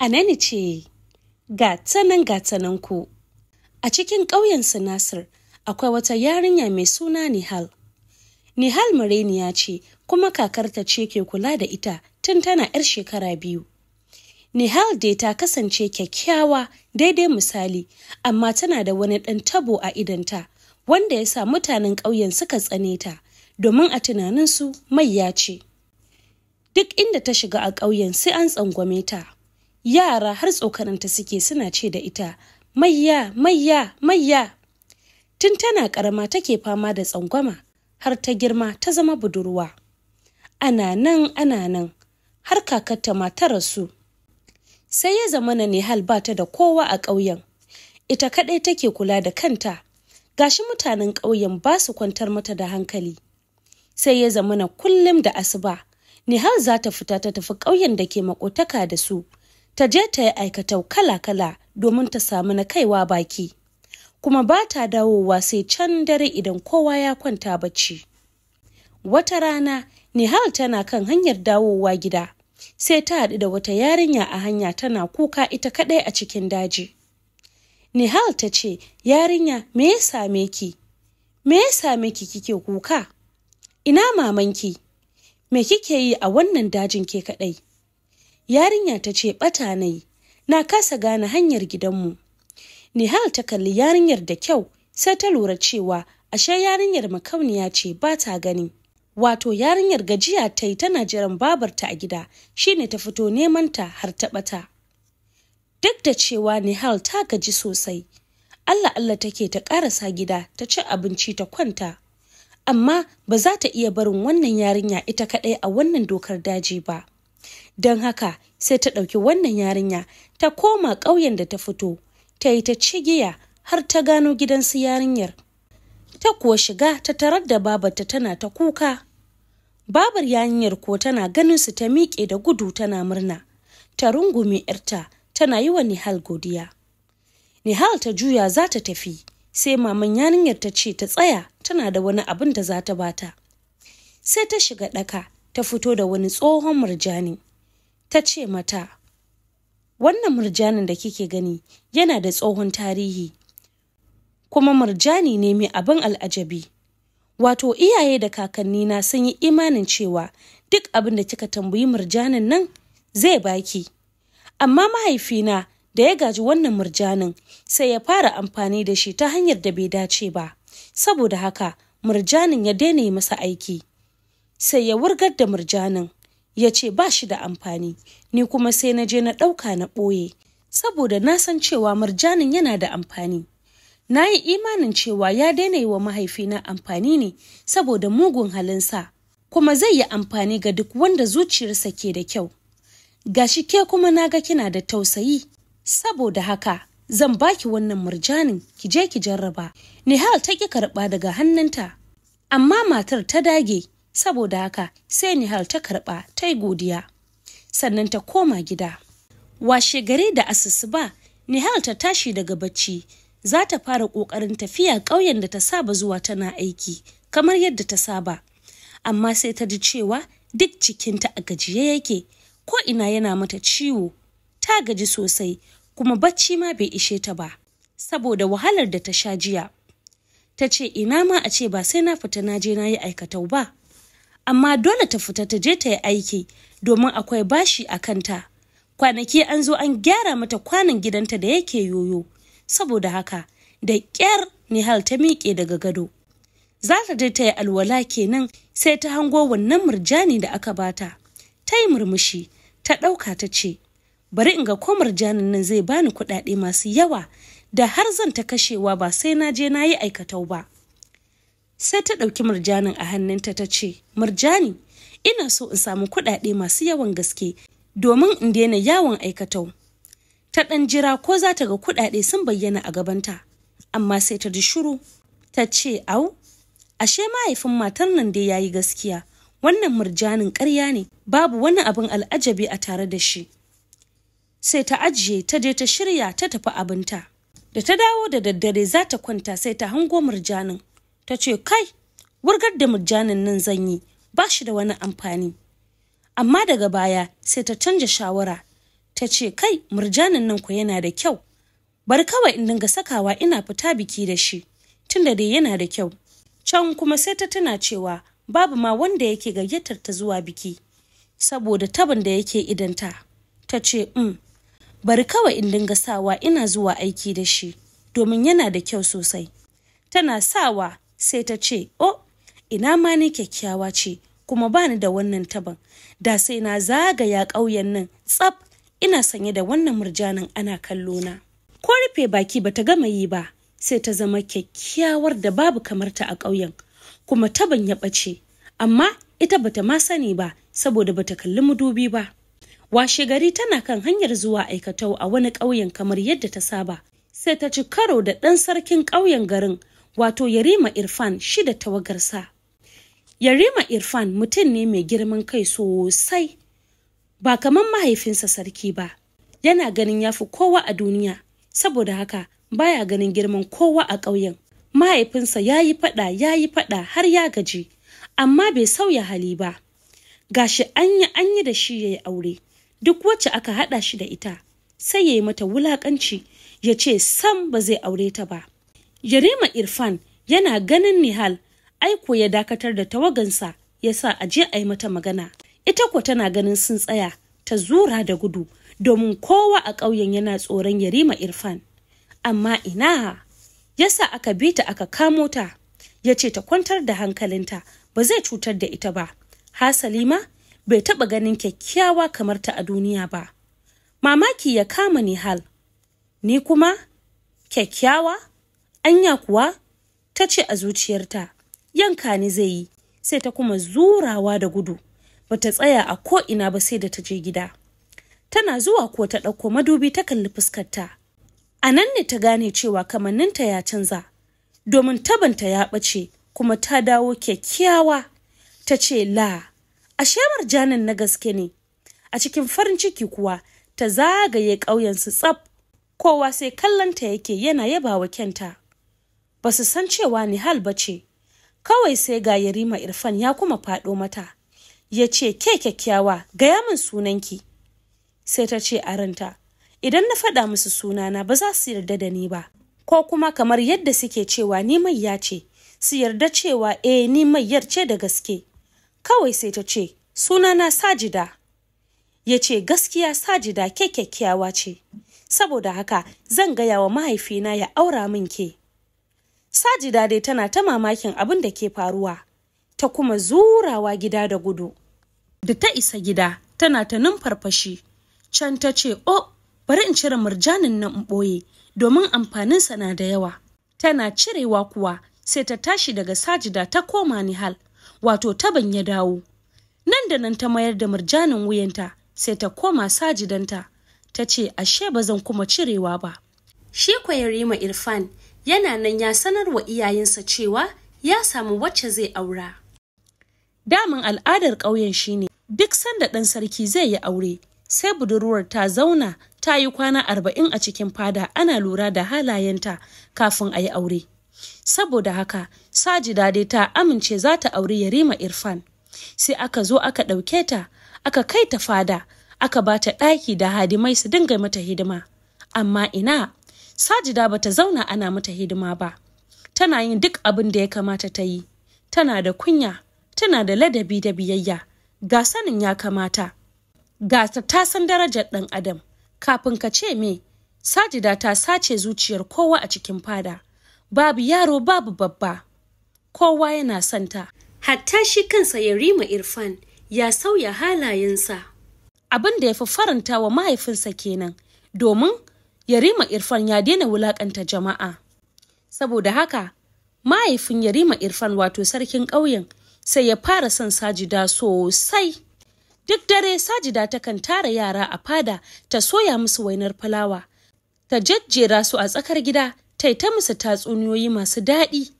a Anani ce, gatanan gatanan ku. A cikin ƙauyen Nasir akwai wata yarinya mai suna Nihal. Nihal Mureniya ce kuma kakarta ce ke kula da ita tun tana 'yar shekara biyu. Nihal dai ta kasance kyakkyawa daidai misali, amma tana da wani ɗan tabo a idanta, wanda ya sa mutanen ƙauyen suka tsane ta, domin a tunaninsu mai ya ce. Duk inda ta shiga a ƙauyen sai an tsangwame ta. yara har tsokananta suke suna ce da ita mayya mayya mayya tun tana karama take fama da tsangwama har ta girma ta zama budurwa ana nan ana nan har kakarta ma ta rasu sai ya zama na Nihal ba ta da kowa a ƙauyen ita kaɗai take kula da kanta gashi mutanen ƙauyen ba su kwantar mata da hankali sai ya zama na kullum da asuba Nihal za ta fita ta tafi ƙauyen da ke makotaka da su ta je ta yi aikatau kala-kala domin ta samu na kaiwa baki kuma ba ta dawowa sai can dare idan kowa ya kwanta bacci wata rana nihal tana kan hanyar dawowa gida sai ta haɗu da wata yarinya a hanya tana kuka ita kaɗai a cikin daji nihal ta ce yarinya me ya same ki me ya same ki kike kuka ina mamanki me kike yi a wannan dajin ke kaɗai Yarinya ta ce bata na na kasa gane hanyar gidanmu. Nihal ta kalli yarinyar da kyau sai ta lura cewa ashe yarinyar makauniya ce ba ta gani. Wato yarinyar gajiya ta yi tana jiran babarta a gida shine ta fito neman ta har ta ɓata. Duk da cewa Nihal ta gaji sosai, Allah Allah take ta karasa gida ta ci abinci ta kwanta. amma ba za ta iya barin wannan yarinya ita kaɗai a wannan dokar daji ba. don haka sai ta ɗauki wannan yarinya ta koma ƙauyen da ta fito ta yi ta cigiya har ta gano gidansu yarinyar ta kuwa shiga ta tarar da babarta tana ta kuka babar yarinyar ko tana ganin su ta miƙe da gudu tana murna ta rungume 'yarta tana yi wa nihal godiya nihal ta juya za ta tafi sai maman yarinyar ta ce ta tsaya tana da wani abin da za ta bata sai ta shiga ɗaka ta fito da wani tsohon murjani ta ce mata wannan murjanin da kike gani yana da tsohon tarihi kuma murjani ne mai abin al'ajabi wato iyaye da kakanni na sun yi imanin cewa duk abin da kika tambayi murjanin nan zai baki amma mahaifina da ya gaji wannan murjanin sai ya fara amfani da shi ta hanyar da bai dace ba saboda haka murjanin ya daina yi masa aiki sai ya wurgar da murjanin ya ce ba shi da amfani ni kuma sai na je na ɗauka na ɓoye saboda na san cewa murjanin yana da amfani na yi imanin cewa ya daina yi wa mahaifina amfani ne saboda mugun halinsa kuma zai yi amfani ga duk wanda zuciyarsa ke da kyau gashi ke kuma na ga kina da tausayi saboda haka zan baki wannan murjanin ki je ki jarraba nihal ta ki karɓa daga hannunta amma matar ta dage saboda haka sai Nihal ta karɓa ta yi godiya sannan ta koma gida. Washe gari da ba, Nihal ta tashi daga bacci za ta fara ƙoƙarin tafiya ƙauyen da ta saba zuwa tana aiki kamar yadda ta saba amma sai ta ji cewa duk cikinta a gajiye yake ko ina yana mata ciwo ta gaji sosai kuma bacci ma bai ishe ta ba saboda wahalar da ta sha jiya ta ce ina ma a ce ba sai na fita na je na yi aikatau ba amma dole ta fita ta je ta yi aiki domin akwai bashi a kanta kwanaki an zo an gyara mata kwanan gidanta da yake yoyo saboda haka da ƙyar nihal ta miƙe daga gado za ta je ta yi alwala kenan sai ta hango wannan murjani da aka bata ta yi murmushi ta ɗauka ta ce bari in ga ko murjanin nan zai bani kuɗaɗe masu yawa da har zan ta kashewa ba sai na je na yi aikatau ba sai ta ɗauki murjanin a hannunta ta ce murjani ina so in samu kuɗaɗe masu yawan gaske domin in daina yawon aikatau ta ɗan jira ko za ta ga kuɗaɗe sun bayyana a gabanta amma sai ta ji shuru ta ce au ashe mahaifin matar nan dai yayi gaskiya wannan murjanin karya ne babu wani abin al'ajabi a tare da shi sai ta ajiye ta je ta shirya ta tafi abinta da ta dawo da daddare za ta kwanta sai ta hango murjanin ta ce kai wurgar da murjanin nan zan yi ba shi da wani amfani amma daga baya sai ta canja shawara ta ce kai murjanin nan ku yana da kyau bari kawai in dinga sakawa ina fita biki da shi tunda dai yana da kyau can kuma sai ta tuna cewa babu ma wanda yake gayyatar ta zuwa biki saboda tabin da yake idanta ta ce um bari kawai in dinga sawa ina zuwa aiki da shi domin yana da kyau sosai tana sawa sai ta ce oh ina ma ni kyakkyawa ce kuma ba ni da wannan taban da sai na zagaya ƙauyen nan tsaf ina sanye da wannan murjanin ana kallo na ko rufe baki ba ta gama yi ba sai ta zama kyakkyawar da babu kamarta a ƙauyen kuma taban ya ɓace amma ita bata ma sani ba saboda bata kalli madubi ba washe gari tana kan hanyar zuwa aikatau a wani ƙauyen kamar yadda ta saba sai ta ci karo da ɗan sarkin ƙauyen garin wato Yarima Irfan shi da tawagarsa. Yarima Irfan mutum ne mai girman kai sosai, ba kamar mahaifinsa sarki ba, yana ganin ya fi kowa a duniya, saboda haka baya ganin girman kowa a ƙauyen. Mahaifinsa ya yi faɗa ya yi faɗa har ya gaji, amma bai sauya hali ba. Gashi anya anyi da shi ya yi aure, duk wacce aka haɗa shi da ita, sai ya yi mata wulaƙanci, ya ce sam ba zai aure ta ba. Yarima Irfan yana ganin Nihal aiko ya dakatar da tawagansa ya sa a je a yi mata magana. Ita kuwa tana ganin sun tsaya ta zura da gudu domin kowa a ƙauyen yana tsoron Yarima Irfan. Amma ina ya sa aka bi ta aka kamo ta ya ce ta kwantar da hankalinta ba zai cutar da ita ba. Hasali ma bai taɓa ganin kyakkyawa kamar ta a duniya ba. Mamaki ya kama Nihal. Ni kuma kyakkyawa? anya kuwa ta ce a zuciyarta yanka ni zai yi sai ta kuma zurawa da gudu Ba ta tsaya a ko'ina ba sai da ta je gida tana zuwa ko ta ɗauko madubi ta kalli fuskarta a nan ne ta gane cewa kamanninta ya canza domin tabanta ya ɓace kuma ta dawo kyakkyawa ta ce la A ashe janin na gaske ne a cikin farin ciki kuwa ta zagaye ƙauyensu tsaf kowa sai kallonta yake yana yabawa kyanta ba su san cewa Nihal ba ce, kawai sai ga Yarima Irfan ya kuma faɗo mata, ya ce, ke kyakkyawa, gaya min sunanki. Sai ta ce a ranta, idan na faɗa musu sunana ba za su yarda da ni ba, ko kuma kamar yadda suke cewa ni ya ce, su yarda cewa e ni mayyar ce da gaske. Kawai sai ta ce, sunana Sajida. Ya ce, gaskiya Sajida ke kyakkyawa ce, saboda haka zan gaya wa mahaifina ya aura min ke. sajida dai tana ta mamakin abin da ke faruwa ta kuma zurawa gida da gudu da ta isa gida tana ta numfarfashi can ta ce o bari in cire murjanin nan in ɓoye domin amfaninsa na da yawa tana cirewa kuwa sai ta tashi daga sajida ta koma ni hal, wato ta ban ya dawo nan da nan ta mayar da murjanin wuyanta sai ta koma sajidanta ta ce ashe ba zan kuma cirewa ba shi yarima irfan yana nan ya sanar wa iyayensa cewa ya samu wacce zai aura. Damin al'adar ƙauyen shine duk sanda ɗan sarki zai yi aure sai budurwar ta zauna ta yi kwana arba'in a cikin fada ana lura da halayenta kafin a yi aure. Saboda haka, Sajida dai ta amince za ta aure Yarima Irfan. Sai aka zo aka ɗauke ta, aka kai ta fada, aka ba ta ɗaki da hadimai su dinga mata hidima. Amma ina, sajida ta zauna ana mata hidima ba tana yin duk abin da ya kamata ta yi tana da kunya tana da ladabi da biyayya ga sanin ya kamata ga ta san darajar ɗan adam kafin ka ce me sajida ta sace zuciyar kowa a cikin fada babu yaro babu babba kowa yana santa hatta shi kansa ya rima irfan ya sauya halayensa abin da ya fi faranta wa mahaifinsa kenan domin Yarima Irfan ya daina wulakanta jama'a. Saboda haka, mahaifin Yarima Irfan wato sarkin ƙauyen sai ya fara son sajida sosai. Duk dare sajida takan tara yara a fada ta soya musu wainar fulawa, ta jajjera su a tsakar gida, ta yi ta musu tatsuniyoyi masu daɗi.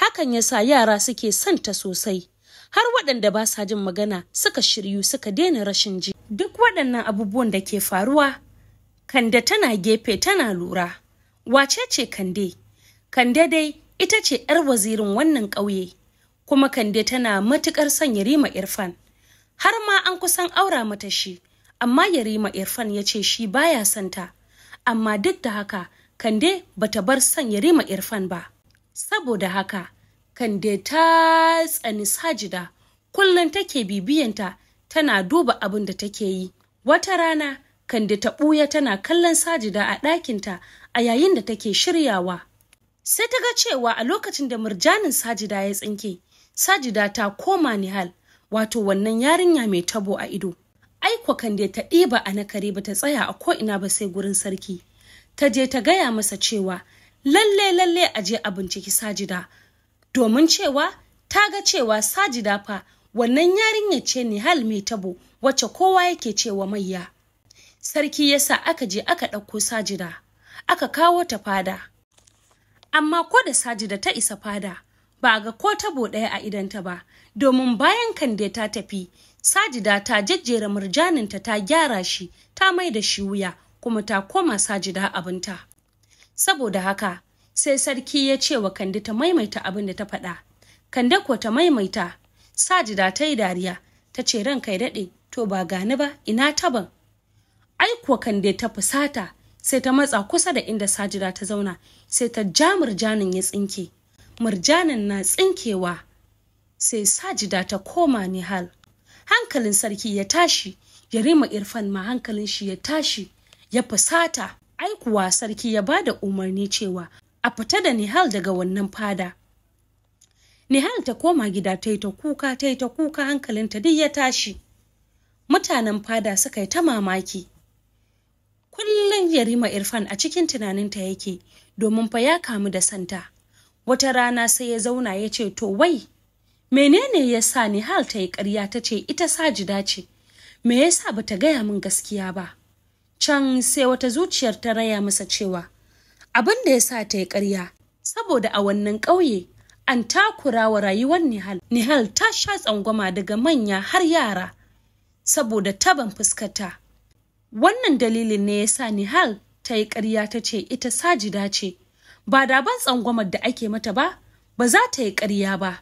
Hakan ya sa yara suke son ta sosai. Har waɗanda ba sa jin magana suka shiryu suka daina rashin ji. Duk waɗannan abubuwan da ke faruwa Kande tana gefe tana lura. Wace ce Kande? Kande dai ita ce 'yar wazirin wannan ƙauye, kuma Kande tana matuƙar son Yarima Irfan. Har ma an kusan aura mata shi, amma Yarima Irfan ya ce shi baya son ta. Amma duk da haka, Kande bata bar son Yarima Irfan ba. Saboda haka, Kande ta tsani Sajida, kullum take bibiyanta tana duba abin da take yi. Wata rana, Kande ta ɓuya tana kallon sajida a ɗakinta a yayin da take shiryawa. Sai ta ga cewa a lokacin da murjanin sajida ya tsinke, sajida ta koma Nihal, wato wannan yarinya mai tabo a ido. Aikwa Kande ta ɗiba a nakare ba ta tsaya a ko'ina ba sai gurin sarki. Ta je ta gaya masa cewa lalle lalle a je a binciki sajida, domin cewa ta ga cewa sajida fa wannan yarinya ce Nihal mai tabo wacce kowa yake cewa mayya. sarki ya sa aka je aka ɗauko sajida aka kawo ta fada amma ko da sajida ta isa fada ba ga ko tabo ɗaya a ta ba domin bayan kande ta tafi sajida ta jejjera murjaninta ta gyara shi ta mai da shi wuya kuma ta koma sajida abinta saboda haka sai sarki ya ce wa kande ta maimaita abin da ta faɗa kande ko ta maimaita sajida ta yi dariya ta ce ran kai daɗe to ba gani ba ina taban Aikuwa kan dai ta fusata sai ta matsa kusa da inda sajida ta zauna sai ta ja murjanin ya tsinke murjanin na tsinkewa sai sajida ta koma nihal hankalin sarki ya tashi ya rima irfan ma hankalin shi ya tashi ya fusata aikuwa sarki ya ba da umarni cewa a fita da nihal daga wannan fada nihal ta koma gida ta yi ta kuka ta yi ta kuka hankalinta duk ya tashi mutanen fada suka yi ta mamaki Kullum Yarima Irfan a cikin tunaninta yake domin fa ya kamu da santa. Wata rana sai ya zauna ya ce to wai menene ya sa Nihal ta yi ƙarya ta ce ita sajida ce me yasa ba ta gaya min gaskiya ba. Can sai wata zuciyar ta raya masa cewa abin da ya sa ta yi ƙarya saboda a wannan ƙauye an takura wa rayuwar Nihal. Nihal ta sha tsangwama daga manya har yara saboda taban fuskata. Wannan dalilin ne ya sa Nihal ta yi ƙarya ta ce ita sajida ce, ba da ban tsangwamar da ake mata ba, ba za ta yi ƙarya ba.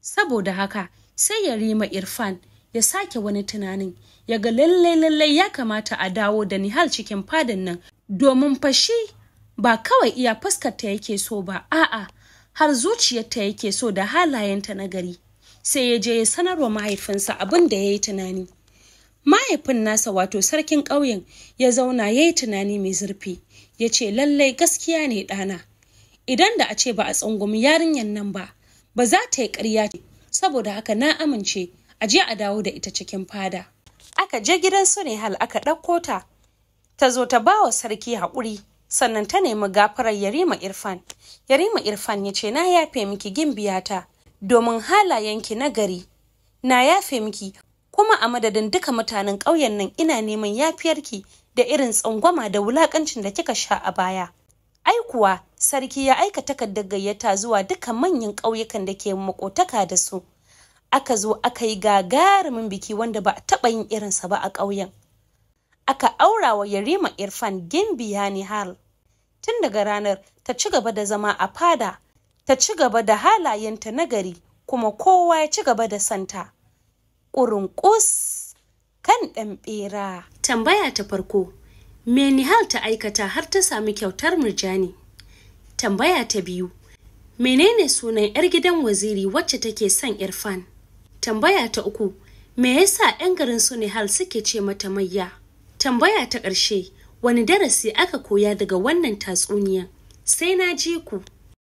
Saboda haka sai ya rima Irfan ya sake wani tunanin, ya ga lallai-lallai ya kamata a dawo da Nihal cikin fadin nan, domin fashi ba kawai iya ta yake so ba, a'a, har zuciyarta yake so da halayenta na gari. Sai ya je ya sanarwa mahaifinsa abin da ya yi tunani. mahaifin nasa wato sarkin ƙauyen ya zauna ya yi tunani mai zurfi ya ce lallai gaskiya ne ɗana idan da a ce ba a tsangwami yarinyar nan ba ba za ta yi ƙarya ce saboda haka na amince a je a dawo da ita cikin fada aka je gidan su ne hal aka ɗauko ta ta zo ta ba wa sarki haƙuri sannan ta nemi gafarar yarima irfan yarima irfan ya ce na yafe miki gimbiyata domin halayenki na gari na yafe miki kuma a madadin duka mutanen ƙauyen nan ina neman yafiyarki da irin tsangwama da wulaƙancin da kika sha a baya. Ai kuwa sarki ya aika takardar gayyata zuwa duka manyan ƙauyukan da ke makotaka da su. Aka zo aka yi gagarumin biki wanda ba a taɓa yin irinsa ba a ƙauyen. Aka aura wa Yarima Irfan Gimbiya hal Tun daga ranar ta ci gaba da zama a fada, ta ci gaba da halayenta na gari kuma kowa ya ci gaba da santa. ƙurunƙus kan ɗan ɓera. Tambaya ta farko, me Nihal ta aikata har ta sami kyautar murjani? Tambaya ta biyu, menene sunan 'yar gidan waziri wacce take son Irfan? Tambaya ta uku, me yasa 'yan garin su Nihal suke ce mata mayya? Tambaya ta ƙarshe, wani darasi aka koya daga wannan tatsuniya? Sai na ji ku.